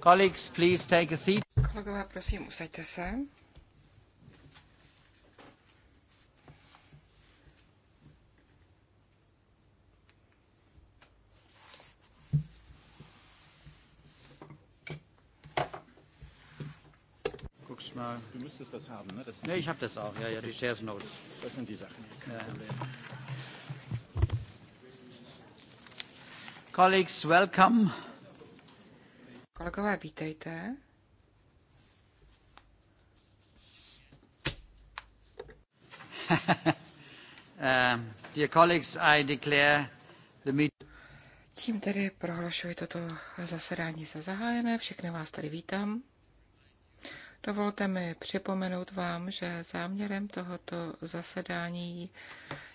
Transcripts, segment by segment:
Colleagues, please take a seat. Kolegové, prosím, usaďte se. Guck's mal. Du müsstest das haben, ne? Das ne, ich habe das auch. Ja, ja, die Shares Notes. Das sind die Sachen. Kein Colleagues, welcome kolegové, vítejte. Um, Tím tedy prohlašuji toto zasedání za zahájené. Všechny vás tady vítám. Dovolte mi připomenout vám, že záměrem tohoto zasedání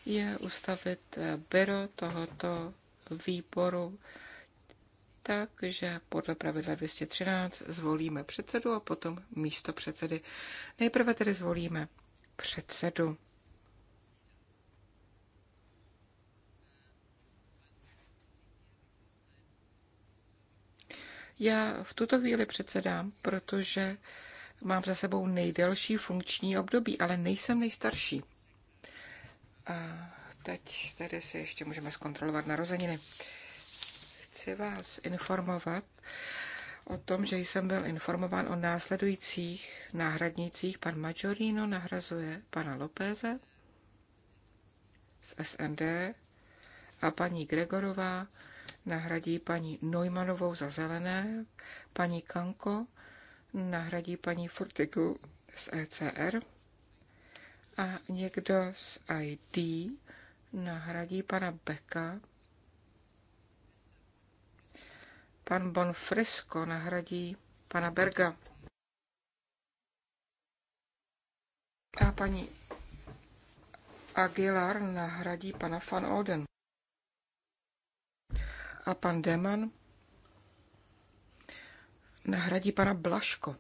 je ustavit byro tohoto výboru takže podle pravidla 213 zvolíme předsedu a potom místo předsedy. Nejprve tedy zvolíme předsedu. Já v tuto chvíli předsedám, protože mám za sebou nejdelší funkční období, ale nejsem nejstarší. A teď tady si ještě můžeme zkontrolovat narozeniny chci vás informovat o tom, že jsem byl informován o následujících náhradnících. Pan Majorino nahrazuje pana Lopéze z SND a paní Gregorová nahradí paní Neumanovou za zelené, paní Kanko nahradí paní Fortigu z ECR a někdo z ID nahradí pana Beka Pan Bonfresco nahradí pana Berga. A paní Aguilar nahradí pana Van Olden. A pan Deman nahradí pana Blaško.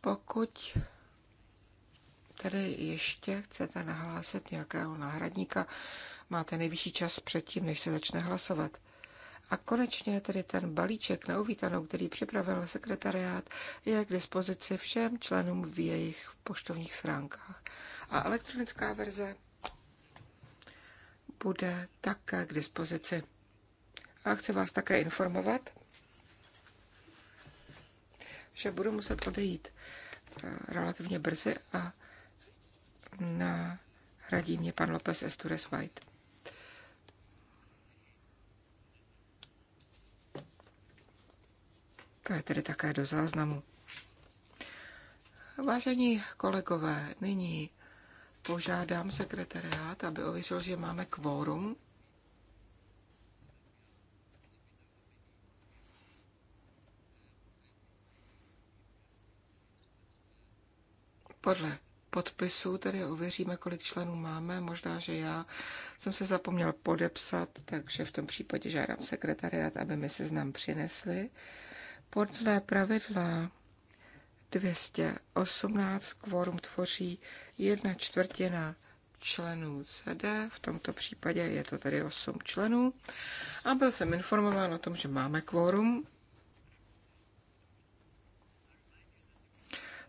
Pokud tedy ještě chcete nahlásit nějakého náhradníka, máte nejvyšší čas předtím, než se začne hlasovat. A konečně tedy ten balíček na uvítanou, který připravil sekretariát, je k dispozici všem členům v jejich poštovních schránkách. A elektronická verze bude také k dispozici. A chci vás také informovat, že budu muset odejít eh, relativně brzy a Nahradí mě pan López Estures White. To je tedy také do záznamu. Vážení kolegové, nyní požádám sekretariát, aby ověřil, že máme kvórum. Podle podpisů, tedy uvěříme, kolik členů máme. Možná, že já jsem se zapomněl podepsat, takže v tom případě žádám sekretariat, aby mi seznam přinesli. Podle pravidla 218 kvorum tvoří jedna čtvrtina členů CD, v tomto případě je to tedy 8 členů. A byl jsem informován o tom, že máme kvorum.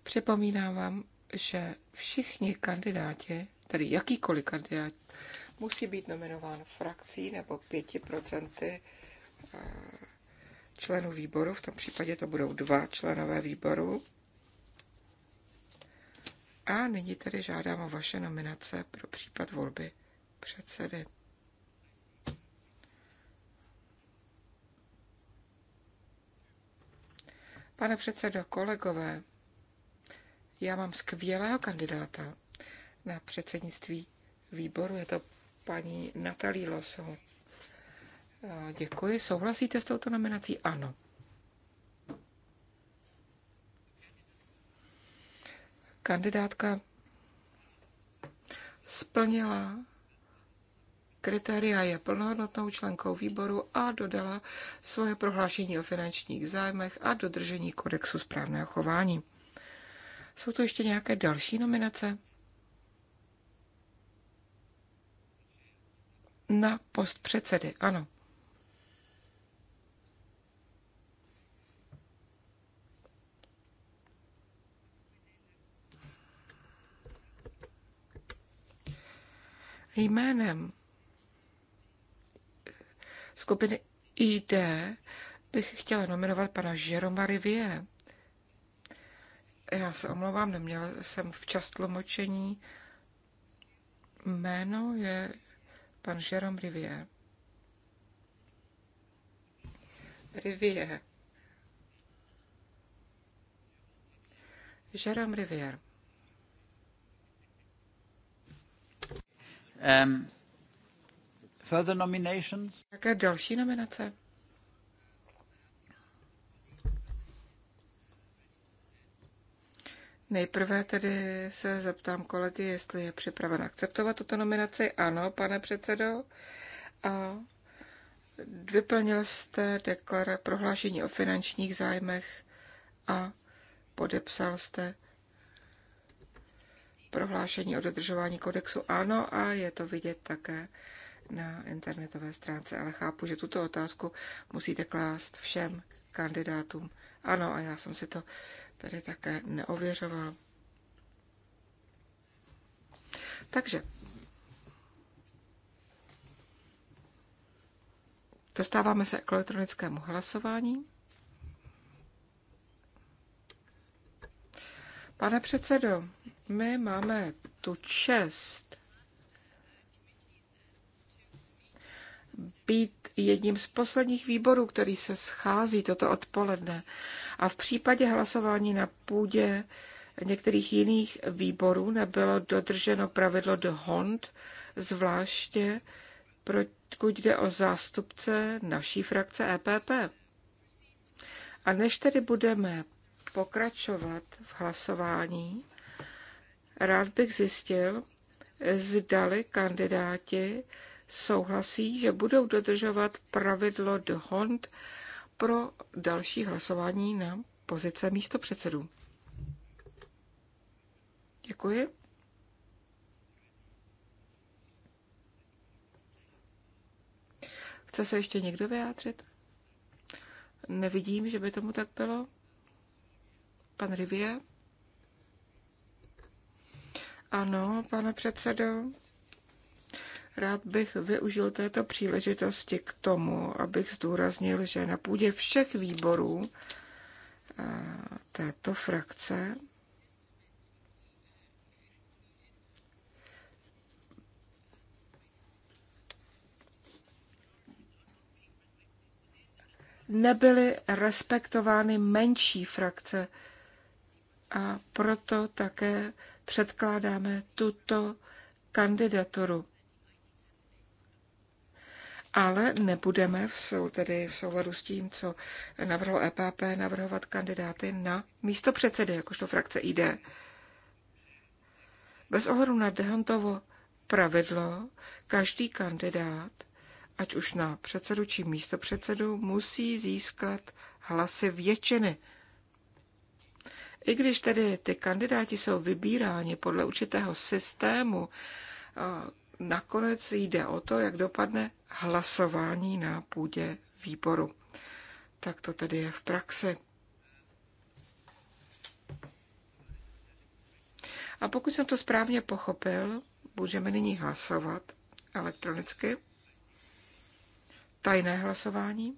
Připomínám vám, že všichni kandidáti, tedy jakýkoliv kandidát, musí být nominován frakcí nebo procenty eh, členů výboru, v tom případě to budou dva členové výboru. A nyní tedy žádám o vaše nominace pro případ volby předsedy. Pane předsedo, kolegové, já mám skvělého kandidáta na předsednictví výboru, je to paní Natalí Loso. Eh, děkuji. Souhlasíte s touto nominací? Ano. Kandidátka splnila kritéria, je plnohodnotnou členkou výboru a dodala svoje prohlášení o finančních zájmech a dodržení kodexu správného chování. Jsou tu ještě nějaké další nominace? Na post předsedy, ano. Jménem skupiny ID bych chtěla nominovat pana Jeroma Rivie. Já se omlouvám, neměla jsem včas tlumočení. Jméno je pan Jerome Rivier. Rivier. Jerome Rivier. Um, further nominations? Jaké další nominace? Nejprve tedy se zeptám kolegy, jestli je připraven akceptovat tuto nominaci. Ano, pane předsedo. A vyplnil jste deklar prohlášení o finančních zájmech a podepsal jste prohlášení o dodržování kodexu. Ano, a je to vidět také na internetové stránce, ale chápu, že tuto otázku musíte klást všem kandidátům. Ano, a já jsem si to tady také neověřoval. Takže dostáváme se k elektronickému hlasování. Pane předsedo, my máme tu čest být jedním z posledních výborů, který se schází toto odpoledne. A v případě hlasování na půdě některých jiných výborů nebylo dodrženo pravidlo de Hond, zvláště pokud jde o zástupce naší frakce EPP. A než tedy budeme pokračovat v hlasování, rád bych zjistil, zdali kandidáti souhlasí, že budou dodržovat pravidlo de Hond pro další hlasování na pozice místo předsedů. Děkuji. Chce se ještě někdo vyjádřit? Nevidím, že by tomu tak bylo. Pan Rivě? Ano, pane předsedo. Rád bych využil této příležitosti k tomu, abych zdůraznil, že na půdě všech výborů eh, této frakce nebyly respektovány menší frakce a proto také předkládáme tuto kandidaturu ale nebudeme v, sou, tedy v souladu s tím, co navrhlo EPP, navrhovat kandidáty na místo předsedy, jakožto frakce ID. Bez ohledu na Dehontovo pravidlo, každý kandidát, ať už na předsedu či místo předsedu, musí získat hlasy většiny. I když tedy ty kandidáti jsou vybíráni podle určitého systému, nakonec jde o to, jak dopadne hlasování na půdě výboru. Tak to tedy je v praxi. A pokud jsem to správně pochopil, můžeme nyní hlasovat elektronicky. Tajné hlasování.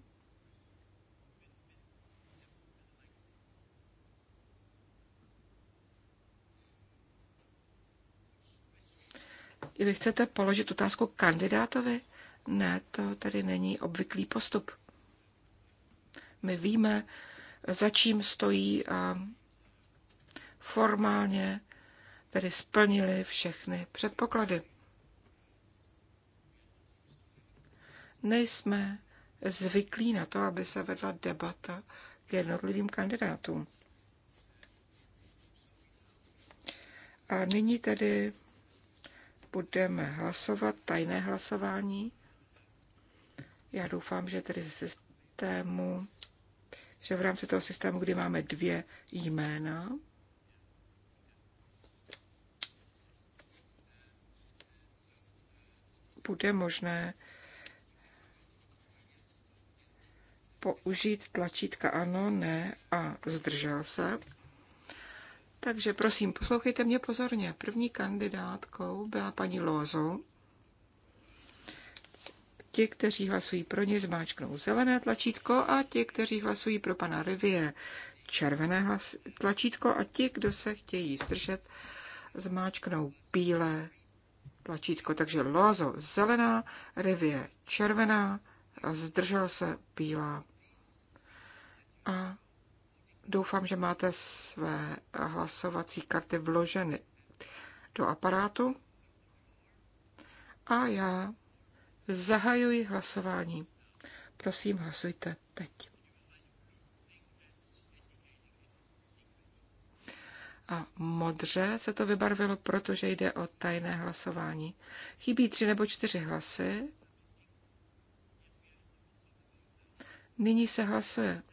Vy chcete položit otázku kandidátovi? Ne, to tady není obvyklý postup. My víme, za čím stojí a formálně tedy splnili všechny předpoklady. Nejsme zvyklí na to, aby se vedla debata k jednotlivým kandidátům. A nyní tedy budeme hlasovat, tajné hlasování. Já doufám, že tedy ze systému, že v rámci toho systému, kdy máme dvě jména, bude možné použít tlačítka ano, ne a zdržel se. Takže prosím, poslouchejte mě pozorně. První kandidátkou byla paní Lozo. Ti, kteří hlasují pro ně, zmáčknou zelené tlačítko a ti, kteří hlasují pro pana Rivie, červené hlas, tlačítko a ti, kdo se chtějí zdržet, zmáčknou bílé tlačítko. Takže Lozo, zelená, Rivie červená, zdržel se bílá. A Doufám, že máte své hlasovací karty vloženy do aparátu. A já zahajuji hlasování. Prosím, hlasujte teď. A modře se to vybarvilo, protože jde o tajné hlasování. Chybí tři nebo čtyři hlasy. Nyní se hlasuje.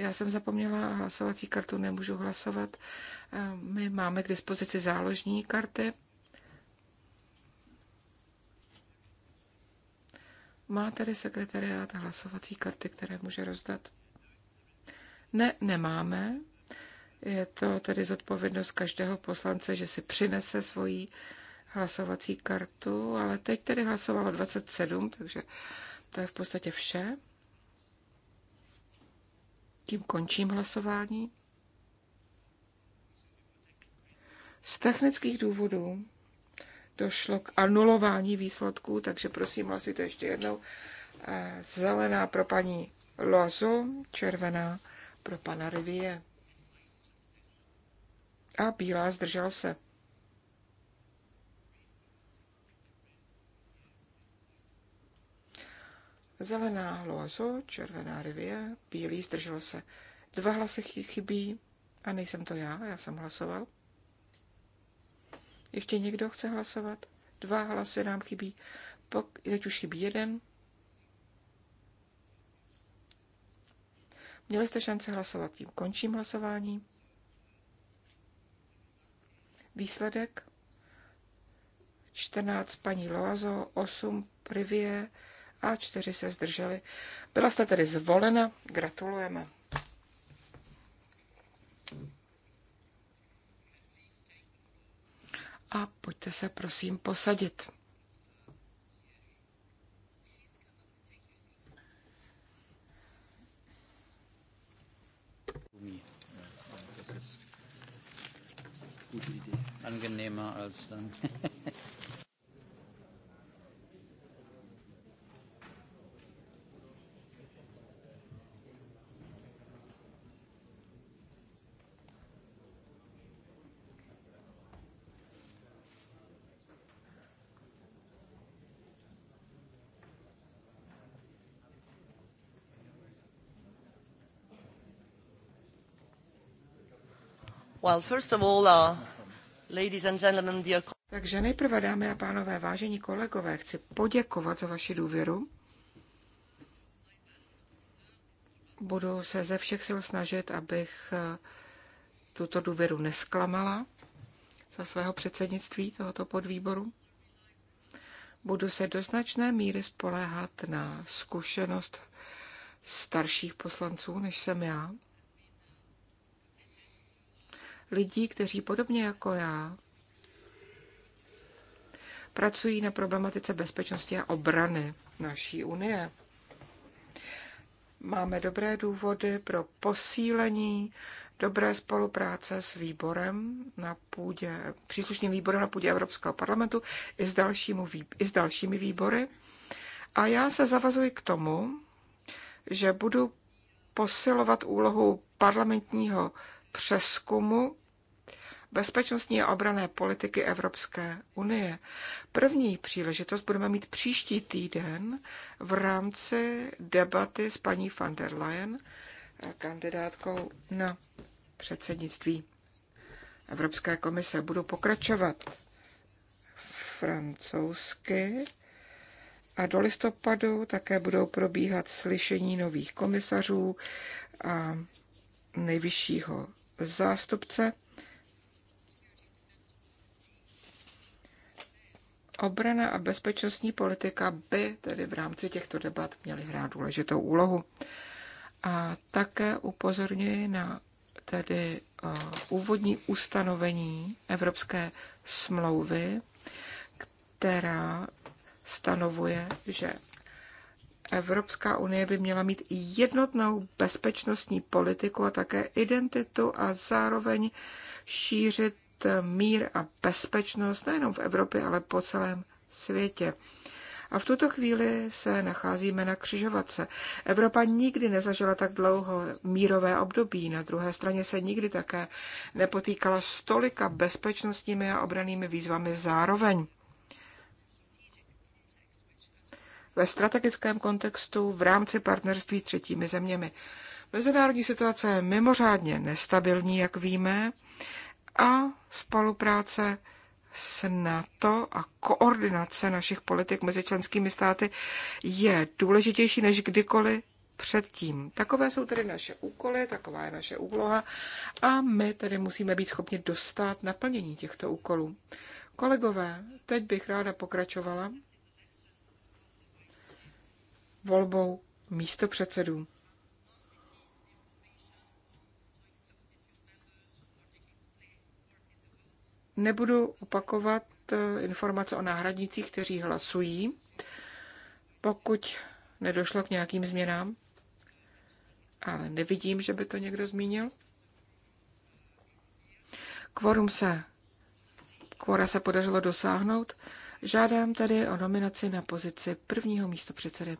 Já jsem zapomněla hlasovací kartu, nemůžu hlasovat. Eh, my máme k dispozici záložní karty. Má tady sekretariát hlasovací karty, které může rozdat? Ne, nemáme. Je to tedy zodpovědnost každého poslance, že si přinese svoji hlasovací kartu, ale teď tedy hlasovalo 27, takže to je v podstatě vše. Tím končím hlasování. Z technických důvodů došlo k anulování výsledků, takže prosím, hlasujte ještě jednou. Eh, zelená pro paní Lozu, červená pro pana Rivie. A bílá zdržel se. Zelená Loazo, červená rivie, bílý zdrželo se. Dva hlasy chybí a nejsem to já, já jsem hlasoval. Ještě někdo chce hlasovat? Dva hlasy nám chybí. Pok, teď už chybí jeden. Měli jste šanci hlasovat, tím končím hlasování. Výsledek 14 paní Loazo, 8 Privie, a čtyři se zdrželi. Byla jste tedy zvolena, gratulujeme. A pojďte se prosím posadit. Angenehmer als dann. Uh, Takže nejprve, dámy a pánové, vážení kolegové, chci poděkovat za vaši důvěru. Budu se ze všech sil snažit, abych uh, tuto důvěru nesklamala za svého předsednictví tohoto podvýboru. Budu se do značné míry spoléhat na zkušenost starších poslanců, než jsem já lidí, kteří podobně jako já pracují na problematice bezpečnosti a obrany naší unie. Máme dobré důvody pro posílení dobré spolupráce s výborem na půdě, příslušným výborem na půdě Evropského parlamentu i s, dalšímu, i s dalšími výbory. A já se zavazuji k tomu, že budu posilovat úlohu parlamentního přeskumu bezpečnostní a obrané politiky Evropské unie. První příležitost budeme mít příští týden v rámci debaty s paní van der Leyen, kandidátkou na předsednictví Evropské komise. Budu pokračovat francouzsky a do listopadu také budou probíhat slyšení nových komisařů a nejvyššího zástupce Obrana a bezpečnostní politika by tedy v rámci těchto debat měly hrát důležitou úlohu. A také upozorňuji na tedy uh, úvodní ustanovení Evropské smlouvy, která stanovuje, že Evropská unie by měla mít jednotnou bezpečnostní politiku a také identitu a zároveň šířit mír a bezpečnost nejenom v Evropě, ale po celém světě. A v tuto chvíli se nacházíme na křižovatce. Evropa nikdy nezažila tak dlouho mírové období. Na druhé straně se nikdy také nepotýkala s tolika bezpečnostními a obranými výzvami zároveň. ve strategickém kontextu v rámci partnerství třetími zeměmi. Mezinárodní situace je mimořádně nestabilní, jak víme, a spolupráce s NATO a koordinace našich politik mezi členskými státy je důležitější než kdykoliv předtím. Takové jsou tedy naše úkoly, taková je naše úloha a my tedy musíme být schopni dostat naplnění těchto úkolů. Kolegové, teď bych ráda pokračovala volbou místopředsedů. Nebudu opakovat eh, informace o náhradnících, kteří hlasují, pokud nedošlo k nějakým změnám, ale nevidím, že by to někdo zmínil. Kvorum se, kvora se podařilo dosáhnout. Žádám tedy o nominaci na pozici prvního místopředsedy.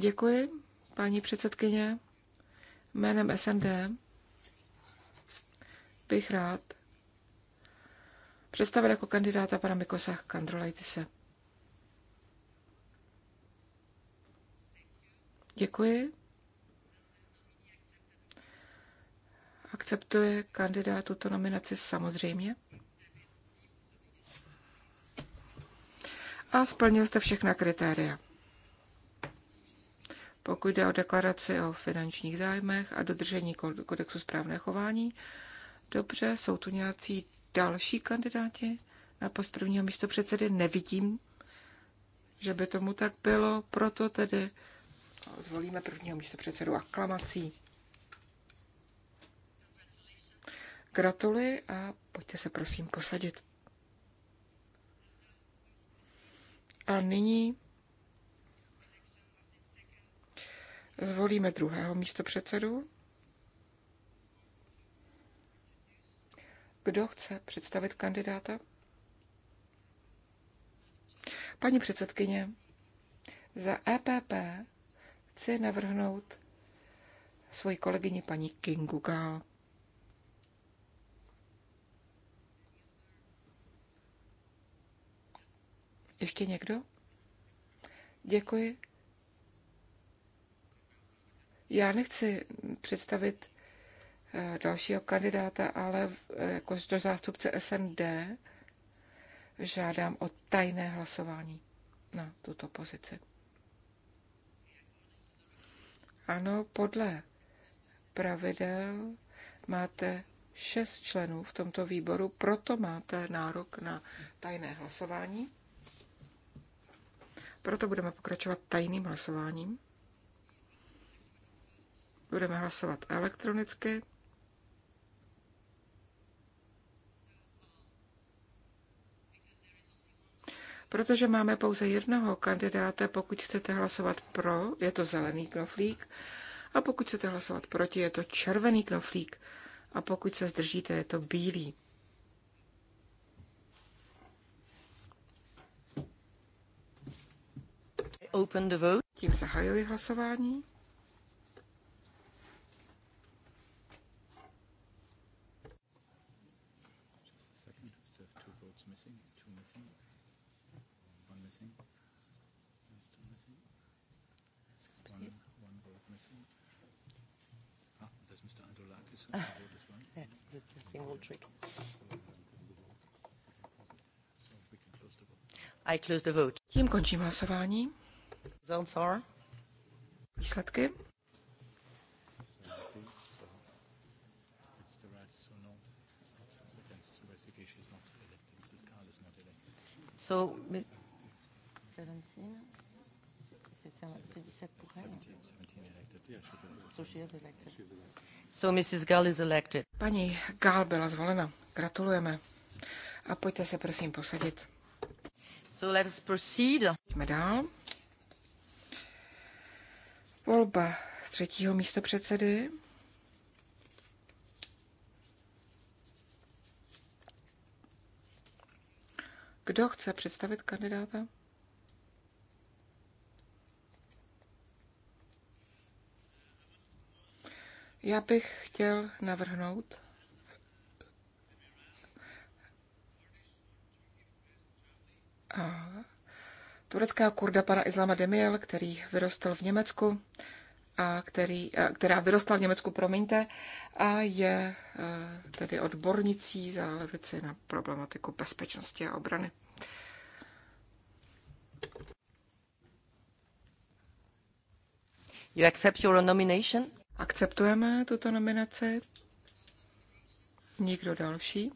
Děkuji, paní předsedkyně. Jménem SND bych rád představil jako kandidáta pana Mikosa Kandrolajtise. Děkuji. Akceptuje kandidát tuto nominaci samozřejmě. A splnil jste všechna kritéria pokud jde o deklaraci o finančních zájmech a dodržení kodexu správné chování. Dobře, jsou tu nějací další kandidáti na post prvního místo předsedy? Nevidím, že by tomu tak bylo, proto tedy zvolíme prvního místo předsedu aklamací. Gratuluji a pojďte se prosím posadit. A nyní Zvolíme druhého místo předsedu. Kdo chce představit kandidáta? Paní předsedkyně, za EPP chci navrhnout svoji kolegyni paní Kingu Gál. Ještě někdo? Děkuji. Já nechci představit eh, dalšího kandidáta, ale jakožto zástupce SND žádám o tajné hlasování na tuto pozici. Ano, podle pravidel máte šest členů v tomto výboru, proto máte nárok na tajné hlasování. Proto budeme pokračovat tajným hlasováním. Budeme hlasovat elektronicky. Protože máme pouze jednoho kandidáta, pokud chcete hlasovat pro, je to zelený knoflík, a pokud chcete hlasovat proti, je to červený knoflík, a pokud se zdržíte, je to bílý. Open the vote. Tím zahajuji hlasování. What's missing? Two missing? One missing? There's two missing? One, one vote missing? Ah, there's Mr. Andolakis. Ah, that's the, the single trick. I close the vote. Tím končím hlasování. Výsledky. So, 17. C'est 17 pour elle. So Mrs. Gall is elected. Paní Gall byla zvolena. Gratulujeme. A pojďte se prosím posadit. So let us proceed. Jdeme dál. Volba třetího místo předsedy. Kdo chce představit kandidáta? Já bych chtěl navrhnout tureckého kurda pana Islama Demiel, který vyrostl v Německu a který, která vyrostla v Německu, promiňte, a je tedy odbornicí za levici na problematiku bezpečnosti a obrany. You accept your nomination? Akceptujeme tuto nominaci. Nikdo další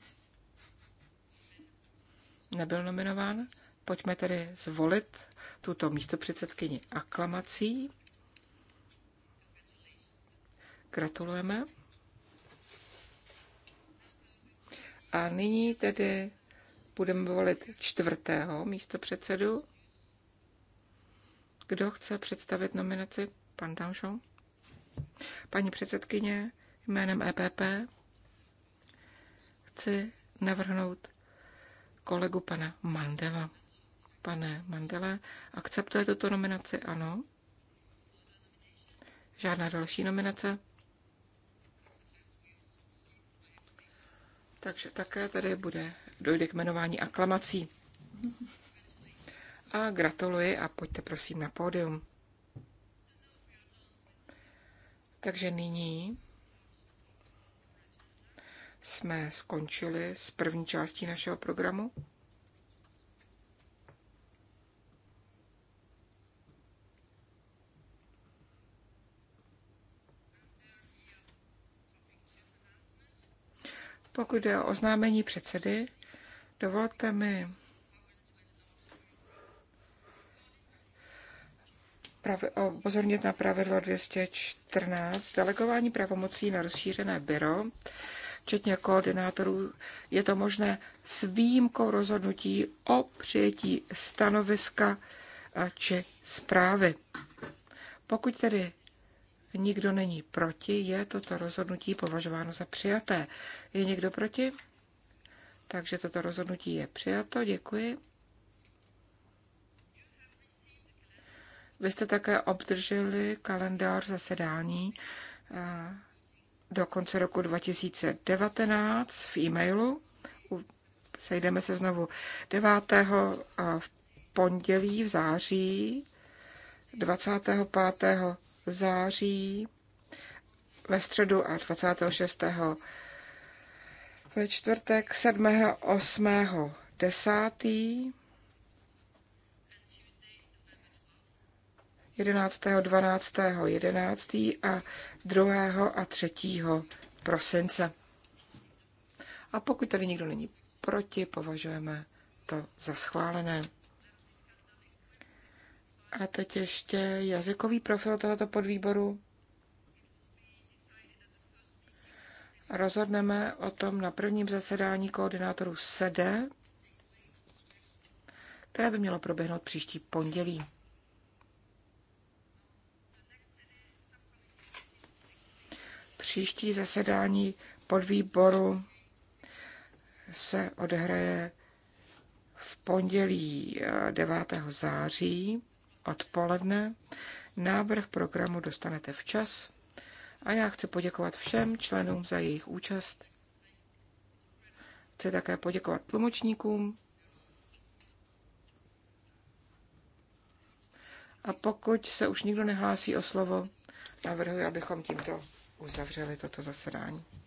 nebyl nominován. Pojďme tedy zvolit tuto místopředsedkyni aklamací. Gratulujeme. A nyní tedy budeme volit čtvrtého místo předsedu. Kdo chce představit nominaci? Pan Danšo. Paní předsedkyně, jménem EPP chci navrhnout kolegu pana Mandela. Pane Mandele, akceptuje tuto nominaci? Ano. Žádná další nominace? takže také tady bude, dojde k jmenování aklamací. A gratuluji a pojďte prosím na pódium. Takže nyní jsme skončili s první částí našeho programu. Pokud je o oznámení předsedy, dovolte mi pozornit na pravidlo 214. Delegování pravomocí na rozšířené byro, včetně koordinátorů, je to možné s výjimkou rozhodnutí o přijetí stanoviska či zprávy. Pokud tedy nikdo není proti, je toto rozhodnutí považováno za přijaté. Je někdo proti? Takže toto rozhodnutí je přijato, děkuji. Vy jste také obdrželi kalendář zasedání eh, do konce roku 2019 v e-mailu. Sejdeme se znovu 9. Eh, v pondělí v září, 25 září, ve středu a 26. ve čtvrtek 7. 8. 10. 11. 12. 11. a 2. a 3. prosince. A pokud tady nikdo není proti, považujeme to za schválené. A teď ještě jazykový profil tohoto podvýboru. Rozhodneme o tom na prvním zasedání koordinátorů SEDE, které by mělo proběhnout příští pondělí. Příští zasedání podvýboru se odehraje v pondělí 9. Eh, září odpoledne. Návrh programu dostanete včas a já chci poděkovat všem členům za jejich účast. Chci také poděkovat tlumočníkům. A pokud se už nikdo nehlásí o slovo, navrhuji, abychom tímto uzavřeli toto zasedání.